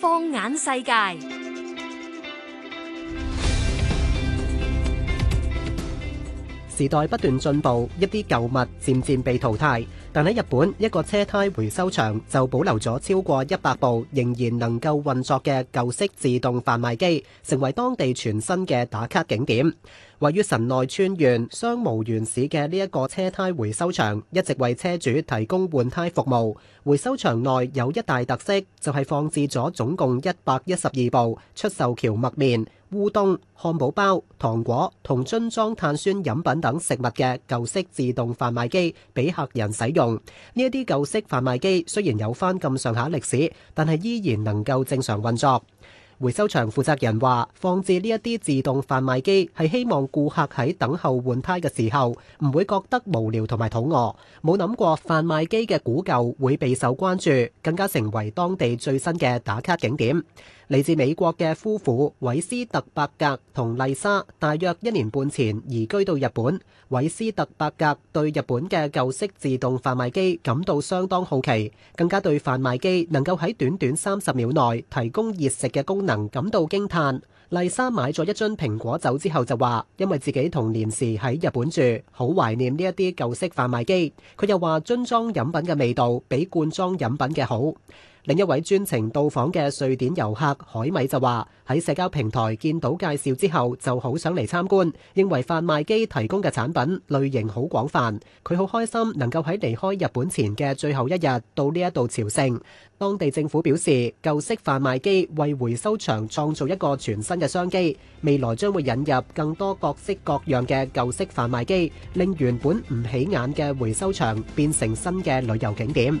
放眼世界，時代不斷進步，一啲舊物漸漸被淘汰。但喺日本，一個車胎回收場就保留咗超過一百部仍然能夠運作嘅舊式自動販賣機，成為當地全新嘅打卡景點。位於神奈川縣相模原市嘅呢一個車胎回收場，一直為車主提供換胎服務。回收場內有一大特色，就係放置咗總共一百一十二部出售蕎麥麵、烏冬、漢堡包、糖果同樽裝碳酸飲品等食物嘅舊式自動販賣機俾客人使用。呢一啲舊式販賣機雖然有翻咁上下歷史，但係依然能夠正常運作。回收場負責人話，放置呢一啲自動販賣機係希望顧客喺等候換胎嘅時候，唔會覺得無聊同埋肚餓。冇諗過販賣機嘅古舊會備受關注，更加成為當地最新嘅打卡景點。嚟自美國嘅夫婦韋斯特伯格同麗莎，大約一年半前移居到日本。韋斯特伯格對日本嘅舊式自動販賣機感到相當好奇，更加對販賣機能夠喺短短三十秒內提供熱食嘅功能感到驚歎。麗莎買咗一樽蘋果酒之後就話，因為自己童年時喺日本住，好懷念呢一啲舊式販賣機。佢又話樽裝飲品嘅味道比罐裝飲品嘅好。另一位專程到訪嘅瑞典遊客海米就話，喺社交平台見到介紹之後就好想嚟參觀，認為販賣機提供嘅產品類型好廣泛。佢好開心能夠喺離開日本前嘅最後一日到呢一度朝聖。當地政府表示，舊式販賣機為回收場創造一個全新嘅商機，未來將會引入更多各式各樣嘅舊式販賣機，令原本唔起眼嘅回收場變成新嘅旅遊景點。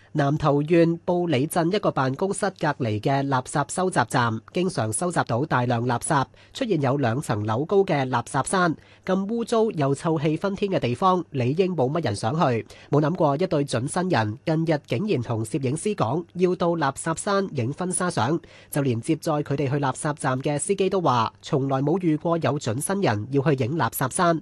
南投縣埔里鎮一個辦公室隔離嘅垃圾收集站，經常收集到大量垃圾，出現有兩層樓高嘅垃圾山。咁污糟又臭氣熏天嘅地方，理應冇乜人想去。冇諗過一對準新人，近日竟然同攝影師講要到垃圾山影婚紗相，就連接載佢哋去垃圾站嘅司機都話，從來冇遇過有準新人要去影垃圾山。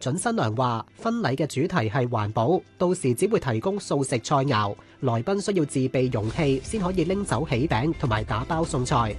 準新娘話：婚禮嘅主題係環保，到時只會提供素食菜肴。來賓需要自備容器，先可以拎走喜餅同埋打包送菜。